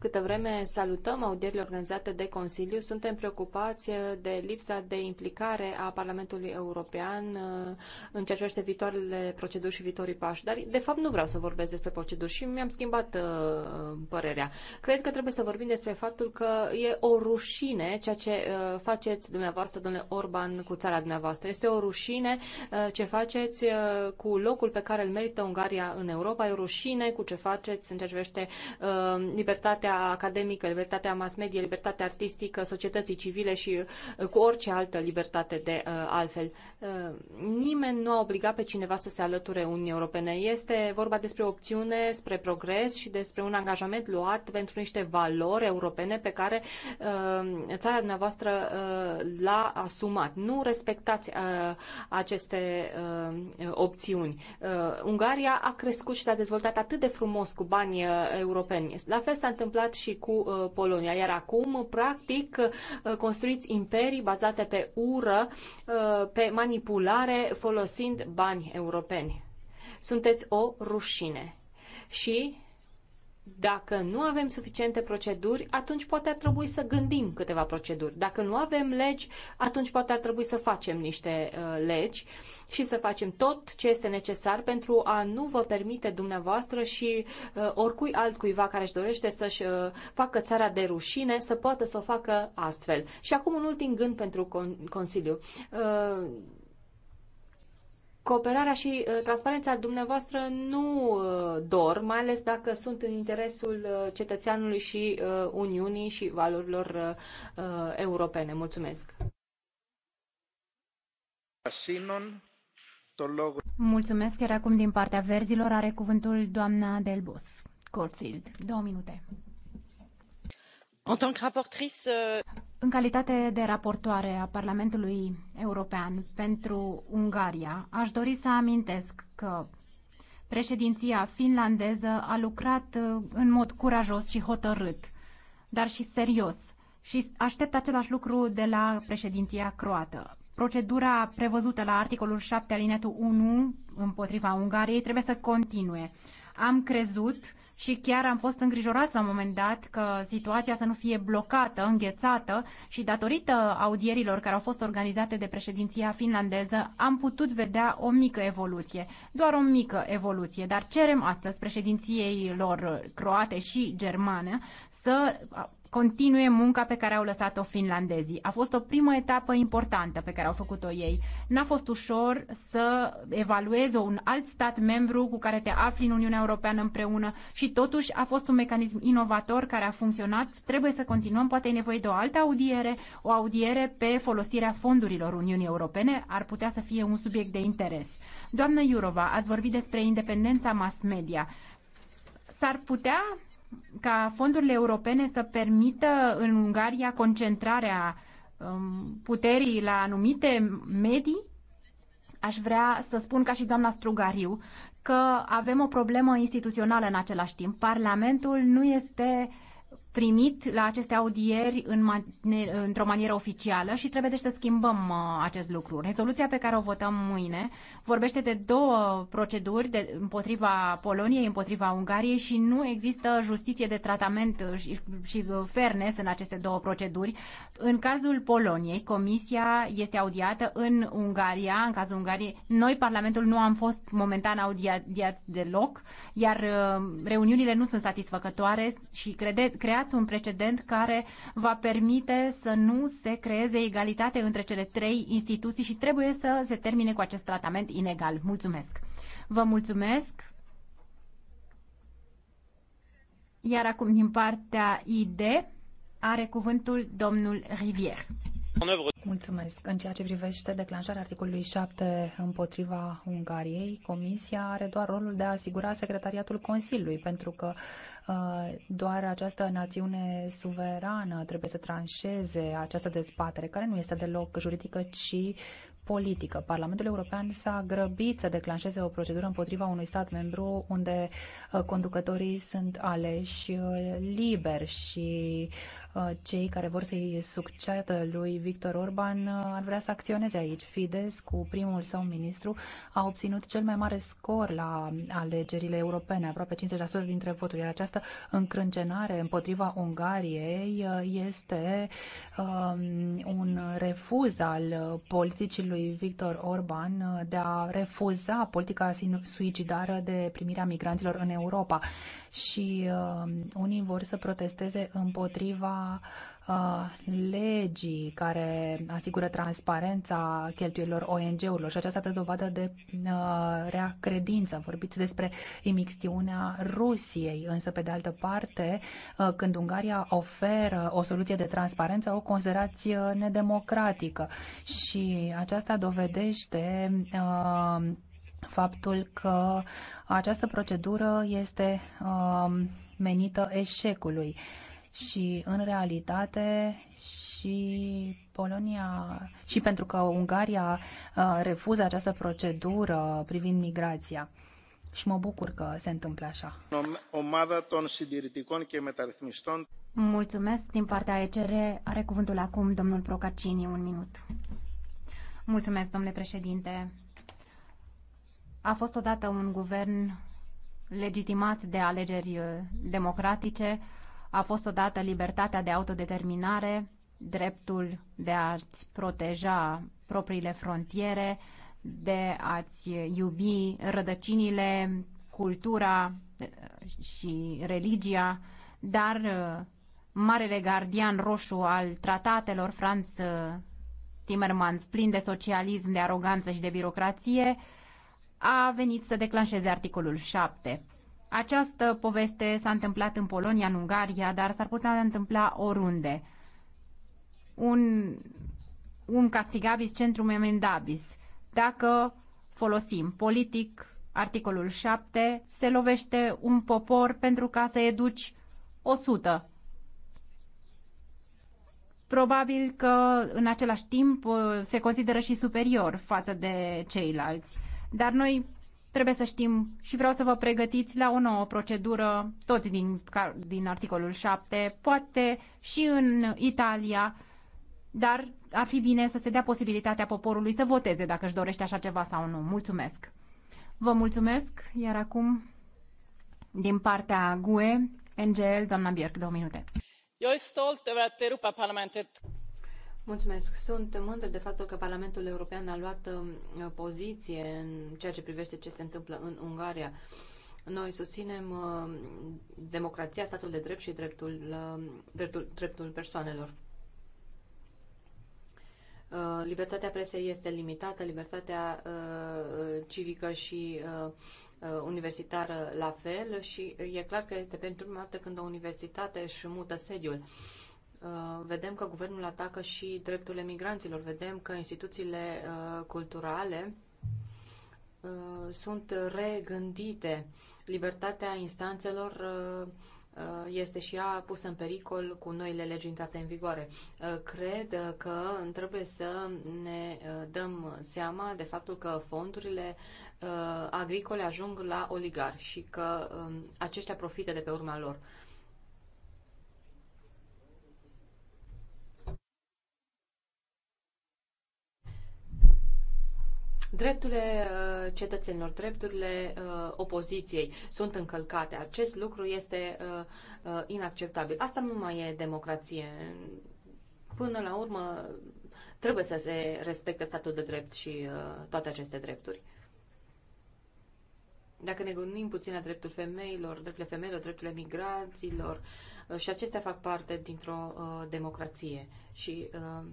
câtă vreme salutăm audierile organizate de Consiliu, suntem preocupați de lipsa de implicare a Parlamentului European uh, în ceea ce privește viitoarele proceduri și viitorii pași. Dar, de fapt, nu vreau să vorbesc despre proceduri și mi-am schimbat uh, părerea. Cred că trebuie să vorbim despre faptul că e o rușine ceea ce uh, faceți dumneavoastră, domnule Orban, cu țara dumneavoastră. Este o rușine uh, ce faceți uh, cu locul pe care îl merită Ungaria în Europa. E rușine cu ce faceți în ce privește uh, libertatea academică, libertatea mass media, libertatea artistică, societății civile și uh, cu orice altă libertate de uh, altfel. Uh, nimeni nu a obligat pe cineva să se alăture Uniunii Europene. Este vorba despre o opțiune spre progres și despre un angajament luat pentru niște valori europene pe care uh, țara dumneavoastră uh, l-a asumat. Nu respectați uh, aceste uh, opțiuni. Uh, Ungaria a crescut și s-a dezvoltat dezvoltat atât de frumos cu bani uh, europeni. La fel s-a întâmplat și cu uh, Polonia, iar acum, practic, uh, construiți imperii bazate pe ură, pe manipulare, folosind bani europeni. Sunteți o rușine. Și dacă nu avem suficiente proceduri, atunci poate ar trebui să gândim câteva proceduri. Dacă nu avem legi, atunci poate ar trebui să facem niște uh, legi și să facem tot ce este necesar pentru a nu vă permite dumneavoastră și uh, oricui altcuiva care își dorește să-și uh, facă țara de rușine să poată să o facă astfel. Și acum un ultim gând pentru con- Consiliu. Uh, cooperarea și uh, transparența dumneavoastră nu uh, dor, mai ales dacă sunt în interesul uh, cetățeanului și Uniunii și valorilor europene. Mulțumesc! Mulțumesc, iar acum din partea verzilor are cuvântul doamna Delbos. Corfield, două minute. Euh, în calitate de raportoare a Parlamentului European pentru Ungaria, aș dori să amintesc că președinția finlandeză a lucrat uh, în mod curajos și hotărât, dar și serios. Și aștept același lucru de la președinția croată. Procedura prevăzută la articolul 7 alineatul 1 împotriva Ungariei trebuie să continue. Am crezut și chiar am fost îngrijorați la un moment dat că situația să nu fie blocată, înghețată și datorită audierilor care au fost organizate de președinția finlandeză am putut vedea o mică evoluție, doar o mică evoluție, dar cerem astăzi președinției lor croate și germană să continue munca pe care au lăsat-o finlandezii. A fost o primă etapă importantă pe care au făcut-o ei. N-a fost ușor să evalueze un alt stat membru cu care te afli în Uniunea Europeană împreună și totuși a fost un mecanism inovator care a funcționat. Trebuie să continuăm, poate e nevoie de o altă audiere, o audiere pe folosirea fondurilor Uniunii Europene, ar putea să fie un subiect de interes. Doamnă Iurova, ați vorbit despre independența mass media. S-ar putea ca fondurile europene să permită în Ungaria concentrarea um, puterii la anumite medii, aș vrea să spun ca și doamna Strugariu că avem o problemă instituțională în același timp. Parlamentul nu este uh, primit la aceste audieri în man- într-o manieră oficială și trebuie deci să schimbăm uh, acest lucru. Rezoluția pe care o votăm mâine vorbește de două proceduri de, împotriva Poloniei, împotriva Ungariei și nu există justiție de tratament uh, și, și uh, fairness în aceste două proceduri. În cazul Poloniei, Comisia este audiată în Ungaria, în cazul Ungariei. Noi, Parlamentul, nu am fost momentan audiați deloc, iar reuniunile nu sunt satisfăcătoare și crede, creat creați un precedent care va permite să nu se creeze egalitate între cele trei instituții și trebuie să se termine cu acest tratament inegal. Mulțumesc! Vă mulțumesc! Iar acum din partea ID are cuvântul domnul Rivier. Mulțumesc. În ceea ce privește declanșarea articolului 7 împotriva Ungariei, Comisia are doar rolul de a asigura secretariatul Consiliului, pentru că uh, doar această națiune suverană trebuie să tranșeze această dezbatere, care nu este deloc juridică, ci politică. Parlamentul European s-a grăbit să declanșeze o procedură împotriva unui stat membru unde uh, conducătorii sunt aleși uh, liberi și uh, cei care vor să-i succeadă lui Victor Orban ar vrea să acționeze aici. Fides, cu primul său ministru, a obținut cel mai mare scor la alegerile europene, aproape 50% dintre voturi, iar această încrâncenare împotriva Ungariei este um, un refuz al politicilor lui Victor Orban de a refuza politica suicidară de primirea migranților în Europa și uh, unii vor să protesteze împotriva uh, legii care asigură transparența cheltuielor ONG-urilor și aceasta dă dovadă de uh, rea credință. Vorbiți despre imixtiunea Rusiei, însă pe de altă parte, uh, când Ungaria oferă o soluție de transparență, o considerați uh, nedemocratică și aceasta dovedește uh, faptul că această procedură este um, menită eșecului și în realitate și Polonia și pentru că Ungaria uh, refuză această procedură privind migrația. Și mă bucur că se întâmplă așa. Mulțumesc din partea ECR. Are cuvântul acum domnul Procacini, un minut. Mulțumesc, domnule președinte. A fost odată un guvern legitimat de alegeri uh, democratice, a fost odată libertatea de autodeterminare, dreptul de a-ți proteja propriile frontiere, de a-ți iubi rădăcinile, cultura uh, și religia, dar uh, marele gardian roșu al tratatelor, Franz Timmermans, plin de socialism, de aroganță și de birocrație, a venit să declanșeze articolul 7. Această poveste s-a întâmplat în Polonia, în Ungaria, dar s-ar putea întâmpla oriunde. Un, un castigabis centrum emendabis. Dacă folosim politic articolul 7, se lovește un popor pentru ca să educi 100. Probabil că în același timp uh, se consideră și superior față de ceilalți. Dar noi trebuie să știm și vreau să vă pregătiți la o nouă procedură, tot din, din articolul 7, poate și în Italia, dar ar fi bine să se dea posibilitatea poporului să voteze dacă își dorește așa ceva sau nu. Mulțumesc! Vă mulțumesc, iar acum, din partea GUE, NGL, doamna Bierc, două minute. Eu sunt stolt över att Parlamentet. Mulțumesc. Sunt mândră de faptul că Parlamentul European a luat um, poziție în ceea ce privește ce se întâmplă în Ungaria. Noi susținem um, democrația, statul de drept și dreptul, um, dreptul, dreptul persoanelor uh, libertatea presei este limitată, libertatea uh, civică și uh, universitară la fel și e clar că este pentru prima dată când o universitate își mută sediul. Uh, vedem că guvernul atacă și drepturile migranților, vedem că instituțiile uh, culturale uh, sunt regândite. Libertatea instanțelor este și ea pusă în pericol cu noile legi intrate în vigoare. Cred că trebuie să ne dăm seama de faptul că fondurile agricole ajung la oligari și că um, aceștia profită de pe urma lor. Drepturile uh, cetățenilor, drepturile uh, opoziției sunt încălcate. Acest lucru este uh, inacceptabil. Asta nu mai e democrație. Până la urmă, trebuie să se respecte statul de drept și toate aceste drepturi. Dacă ne gândim puțin la dreptul femeilor, drepturile femeilor, drepturile migranților, și acestea fac parte dintr-o uh, democrație. Și uh,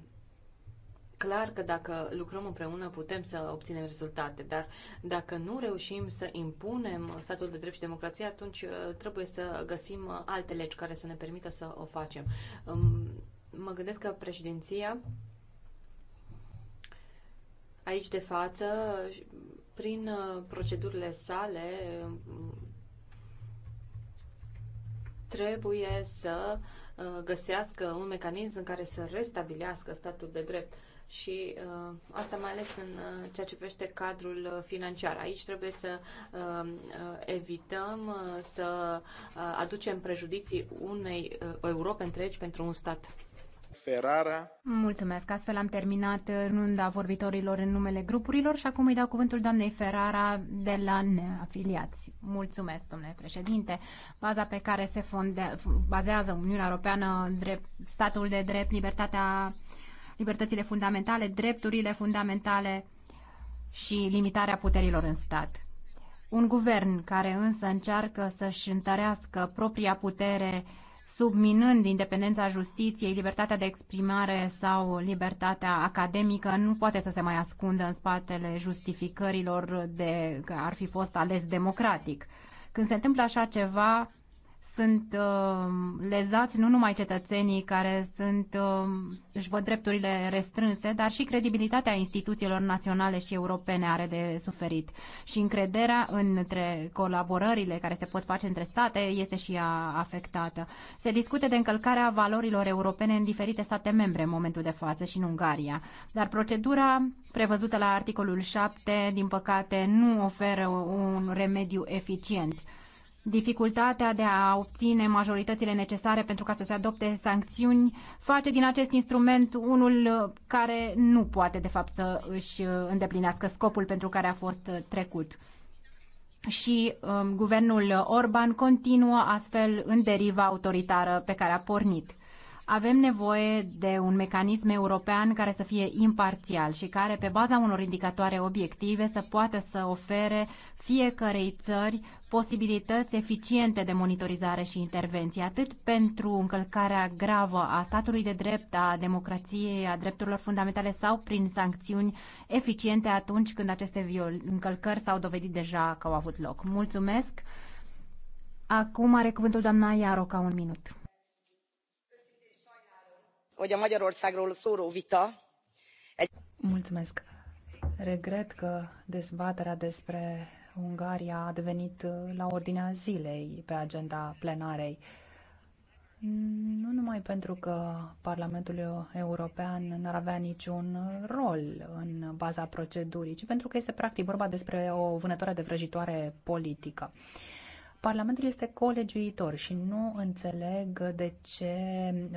clar că dacă lucrăm împreună putem să obținem rezultate, dar dacă nu reușim să impunem statul de drept și democrație, atunci uh, trebuie să găsim uh, alte legi care să ne permită să o facem. Um, mă gândesc că președinția aici de față, prin uh, procedurile sale, um, trebuie să găsească un mecanism în care să restabilească statul de drept și uh, asta mai ales în uh, ceea ce privește cadrul uh, financiar. Aici trebuie să uh, uh, evităm uh, să uh, aducem prejudicii unei uh, Europe întregi pentru un stat. Ferrara. Mulțumesc. Astfel am terminat uh, runda vorbitorilor în numele grupurilor și acum îi dau cuvântul doamnei Ferrara de la neafiliați. Mulțumesc, domnule președinte. Baza pe care se fondează bazează Uniunea Europeană, drept, statul de drept, libertatea uh, libertățile fundamentale, drepturile fundamentale și limitarea puterilor în stat. Un guvern care însă încearcă să-și întărească propria putere subminând independența justiției, libertatea de exprimare sau libertatea academică, nu poate să se mai ascundă în spatele justificărilor de că ar fi fost ales democratic. Când se întâmplă așa ceva, sunt uh, lezați nu numai cetățenii care sunt, uh, își văd drepturile restrânse, dar și credibilitatea instituțiilor naționale și europene are de suferit. Și încrederea între colaborările care se pot face între state este și ea afectată. Se discute de încălcarea valorilor europene în diferite state membre în momentul de față și în Ungaria. Dar procedura prevăzută la articolul 7, din păcate, nu oferă un remediu eficient. Dificultatea de a obține majoritățile necesare pentru ca să se adopte sancțiuni face din acest instrument unul care nu poate, de fapt, să își îndeplinească scopul pentru care a fost trecut. Și um, guvernul Orban continuă astfel în deriva autoritară pe care a pornit. Avem nevoie de un mecanism european care să fie imparțial și care, pe baza unor indicatoare obiective, să poată să ofere fiecarei țări posibilități eficiente de monitorizare și intervenție, atât pentru încălcarea gravă a statului de drept, a democrației, a drepturilor fundamentale sau prin sancțiuni eficiente atunci când aceste încălcări s-au dovedit deja că au avut loc. Mulțumesc! Acum are cuvântul doamna Iaroca un minut hogy a magyarországról szóló vita Mulțumesc. Regret că dezbaterea despre Ungaria a devenit uh, la ordinea zilei pe agenda plenarei. Nu numai pentru că Parlamentul European n-ar avea niciun rol în baza procedurii, ci pentru că este practic vorba despre o vânătoare de vrăjitoare politică. Uh, Parlamentul este colegiuitor și nu înțeleg de ce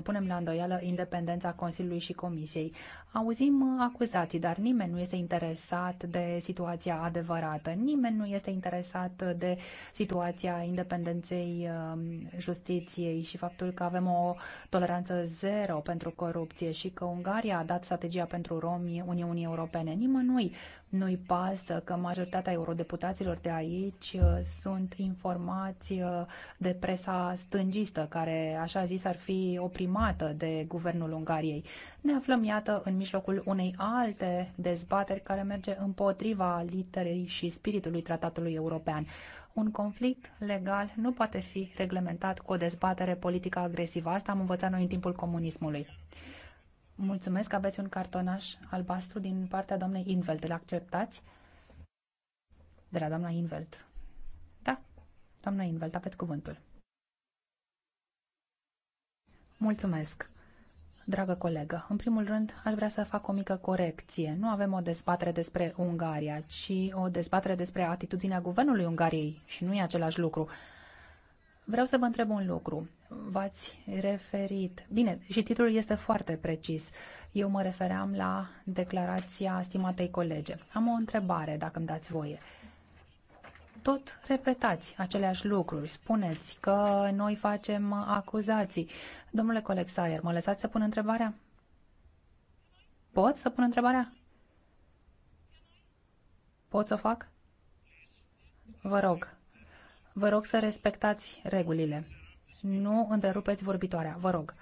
punem la îndoială independența Consiliului și Comisiei. Auzim acuzații, dar nimeni nu este interesat de situația adevărată, nimeni nu este interesat de situația independenței um, justiției și faptul că avem o toleranță zero pentru corupție și că Ungaria a dat strategia pentru romi Uniunii Europene. Nimănui nu-i pasă că majoritatea eurodeputaților de aici uh, sunt informați uh, de presa stângistă, care, așa zis, ar fi oprimată de guvernul Ungariei. Ne aflăm, iată, în mijlocul unei alte dezbateri care merge împotriva literei și spiritului tratatului european. Un conflict legal nu poate fi reglementat cu o dezbatere politică agresivă. Asta am învățat noi în timpul comunismului. Mulțumesc, aveți un cartonaș albastru din partea doamnei Invelt. Îl acceptați? De la doamna Invelt. Da, doamna Invelt, aveți cuvântul. Mulțumesc. Dragă colegă, în primul rând aș vrea să fac o mică corecție. Nu avem o dezbatere despre Ungaria, ci o dezbatere despre atitudinea guvernului Ungariei și nu e același lucru. Vreau să vă întreb un lucru. V-ați referit. Bine, și titlul este foarte precis. Eu mă refeream la declarația stimatei colege. Am o întrebare, dacă îmi dați voie. Tot repetați aceleași lucruri. Spuneți că noi facem acuzații. Domnule coleg Sayer, mă lăsați să pun întrebarea? Pot să pun întrebarea? Pot să o fac? Vă rog. Vă rog să respectați regulile. Nu întrerupeți vorbitoarea, vă rog.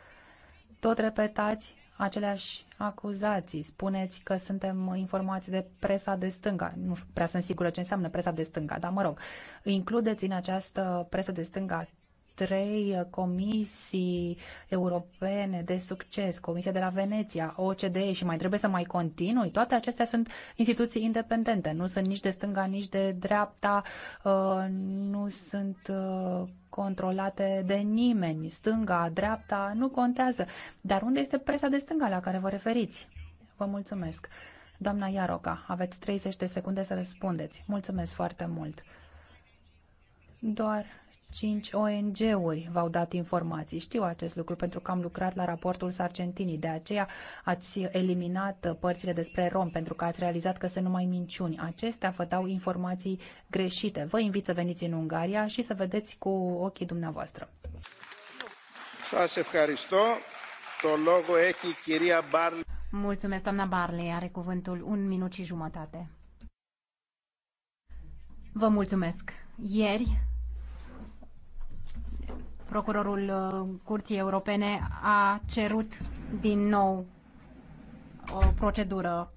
Tot repetați aceleași acuzații. Spuneți că suntem informați de presa de stânga. Nu prea sunt sigură ce înseamnă presa de stânga, dar mă rog, includeți în această presă de stânga trei comisii europene de succes, Comisia de la Veneția, OCDE și mai trebuie să mai continui. Toate acestea sunt instituții independente, nu sunt nici de stânga, nici de dreapta, uh, nu sunt uh, controlate de nimeni. Stânga, dreapta, nu contează. Dar unde este presa de stânga la care vă referiți? Vă mulțumesc. Doamna Iaroca, aveți 30 de secunde să răspundeți. Mulțumesc foarte mult. Doar Cinci ONG-uri v-au dat informații. Știu acest lucru pentru că am lucrat la raportul Sargentinii. De aceea ați eliminat părțile despre rom pentru că ați realizat că sunt numai minciuni. Acestea vă dau informații greșite. Vă invit să veniți în Ungaria și să vedeți cu ochii dumneavoastră. Mulțumesc, doamna Barley. Are cuvântul un minut și jumătate. Vă mulțumesc. Ieri, procurorul uh, Curții Europene a cerut din nou o procedură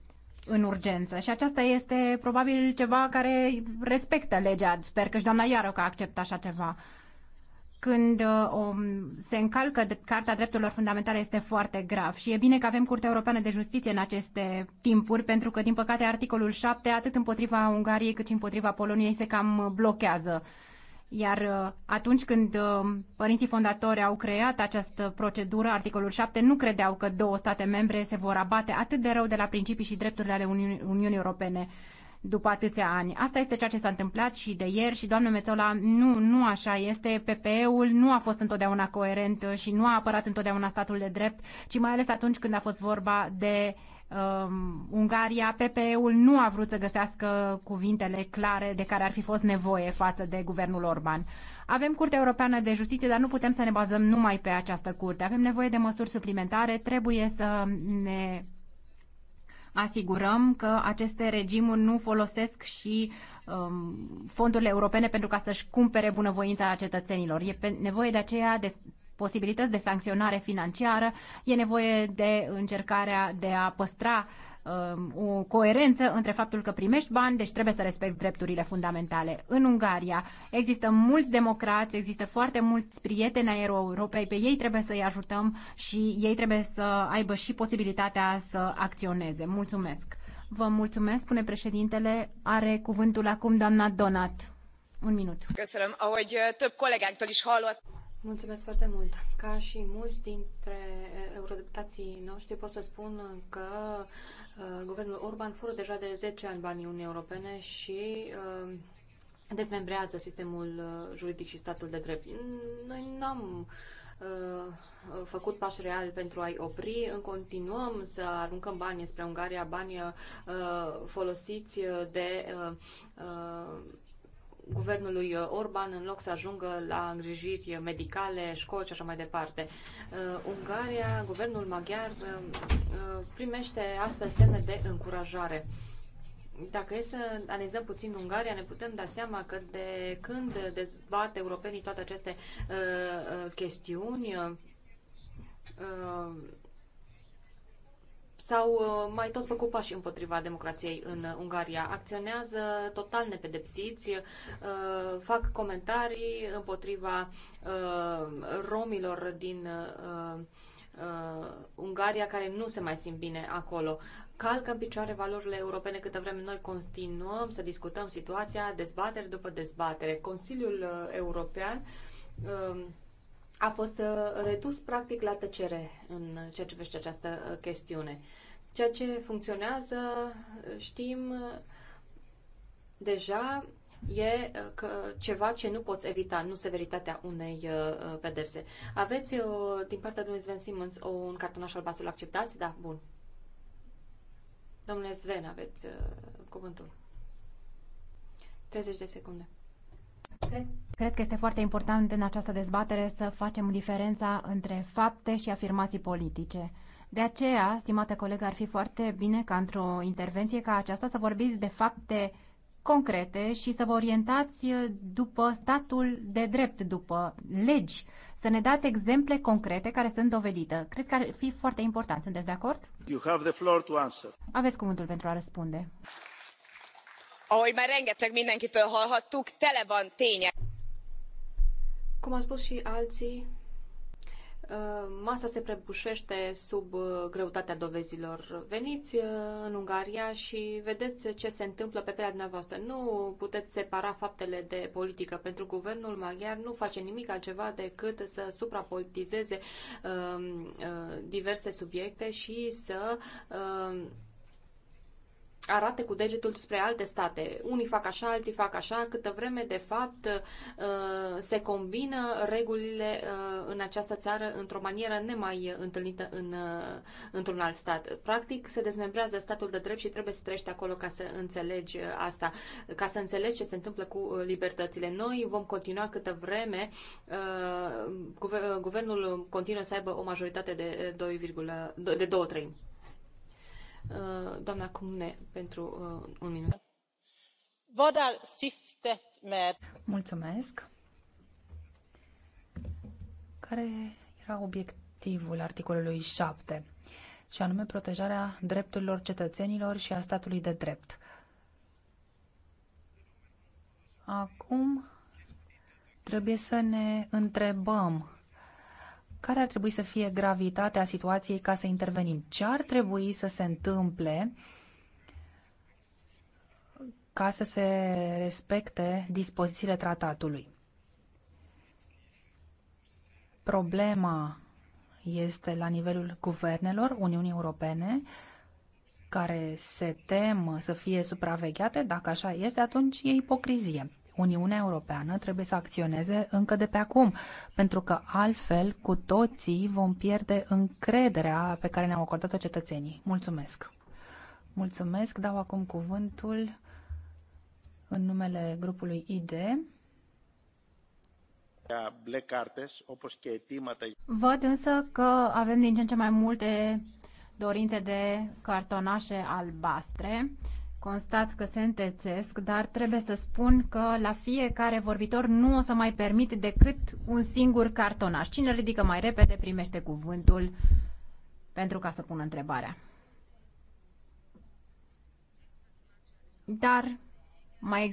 în urgență. Și aceasta este probabil ceva care respectă legea. Sper că și doamna a acceptă așa ceva. Când uh, o, se încalcă Carta Drepturilor Fundamentale este foarte grav și e bine că avem Curtea Europeană de Justiție în aceste timpuri, pentru că, din păcate, articolul 7, atât împotriva Ungariei cât și împotriva Poloniei, se cam blochează. Uh, iar uh, atunci când uh, părinții fondatori au creat această procedură, articolul 7, nu credeau că două state membre se vor abate atât de rău de la principii și drepturile ale Uni- Uniunii Europene după atâția ani. Asta este ceea ce s-a întâmplat și de ieri și, doamne Mețola, nu, nu așa este. PPE-ul nu a fost întotdeauna coerent și nu a apărat întotdeauna statul de drept, ci mai ales atunci când a fost vorba de um, Ungaria, PPE-ul nu a vrut să găsească cuvintele clare de care ar fi fost nevoie față de guvernul Orban. Avem Curtea Europeană de Justiție, dar nu putem să ne bazăm numai pe această curte. Avem nevoie de măsuri suplimentare, trebuie să ne asigurăm că aceste regimuri nu folosesc și um, fondurile europene pentru ca să-și cumpere bunăvoința cetățenilor. E nevoie de aceea de posibilități de sancționare financiară, e nevoie de încercarea de a păstra Um, o coerență între faptul că primești bani, deci trebuie să respecti drepturile fundamentale. În Ungaria există mulți democrați, există foarte mulți prieteni ai Europei, pe ei trebuie să-i ajutăm și ei trebuie să aibă și posibilitatea să acționeze. Mulțumesc! Vă mulțumesc, spune președintele. Are cuvântul acum doamna Donat. Un minut. Köszönöm, ahogy uh, több kollégánktól is hallott. Mulțumesc foarte mult. Ca și mulți dintre eurodeputații noștri pot să spun că uh, guvernul Orban fură deja de 10 ani banii Uniunii Europene și uh, dezmembrează sistemul juridic și statul de drept. Noi nu am făcut pași reali pentru a-i opri. În continuăm să aruncăm bani spre Ungaria, bani folosiți de guvernului uh, Orban în loc să ajungă la îngrijiri medicale, școli și așa mai departe. Uh, Ungaria, guvernul maghiar uh, primește astfel semne de încurajare. Dacă e să analizăm puțin Ungaria, ne putem da seama că de când dezbat europenii toate aceste uh, chestiuni, uh, s-au uh, mai tot făcut pași împotriva democrației în Ungaria. Acționează total nepedepsiți, uh, fac comentarii împotriva uh, romilor din Ungaria care nu se mai simt bine acolo calcă în picioare valorile europene câtă vreme noi continuăm să discutăm situația dezbatere după dezbatere. Consiliul European a fost uh, redus practic la tăcere în ceea ce privește această uh, chestiune. Ceea ce funcționează, uh, știm deja, e că ceva ce nu poți evita, nu severitatea unei pedepse. Aveți o, din partea lui Sven Simmons o, un cartonaș albastru, îl acceptați? Da, bun. Domnule Sven, aveți cuvântul. 30 de secunde. Cred, cred că este foarte important în această dezbatere să facem diferența între fapte și afirmații politice. De aceea, stimate colegă, ar fi foarte bine ca într-o intervenție ca aceasta să vorbiți de fapte concrete și să vă orientați după statul de drept, după legi. Să ne dați exemple concrete care sunt dovedite. Cred că ar fi foarte important. Sunteți de acord? You have the floor to answer. Aveți cuvântul pentru a răspunde ahogy már rengeteg mindenkitől hallhattuk, tele van tények. Cum au spus și alții, uh, masa se prăbușește sub uh, greutatea dovezilor. Veniți uh, în Ungaria și vedeți ce se întâmplă pe pielea dumneavoastră. Nu puteți separa faptele de politică, pentru guvernul maghiar nu face nimic altceva decât să suprapolitizeze diverse subiecte și să arate cu degetul spre alte state. Unii fac așa, alții fac așa, câtă vreme, de fapt, uh, se combină regulile uh, în această țară într-o manieră nemai întâlnită în, uh, într-un alt stat. Practic, se dezmembrează statul de drept și trebuie să trăiești acolo ca să înțelegi asta, ca să înțelegi ce se întâmplă cu libertățile. Noi vom continua câtă vreme guvernul continuă să aibă o majoritate de 2, de 2 3. Uh, doamna Cumne pentru uh, un minut. Mulțumesc. Care era obiectivul articolului 7? Și anume protejarea drepturilor cetățenilor și a statului de drept. Acum trebuie să ne întrebăm care ar trebui să fie gravitatea situației ca să intervenim? Ce ar trebui să se întâmple ca să se respecte dispozițiile tratatului? Problema este la nivelul guvernelor Uniunii Europene care se tem să fie supravegheate, dacă așa este, atunci e ipocrizie. Uniunea Europeană trebuie să acționeze încă de pe acum, pentru că altfel cu toții vom pierde încrederea pe care ne-au acordat-o cetățenii. Mulțumesc! Mulțumesc! Dau acum cuvântul în numele grupului ID. Văd însă că avem din ce în ce mai multe dorințe de cartonașe albastre constat că se întețesc, dar trebuie să spun că la fiecare vorbitor nu o să mai permit decât un singur cartonaș. Cine ridică mai repede primește cuvântul pentru ca să pună întrebarea. Dar mai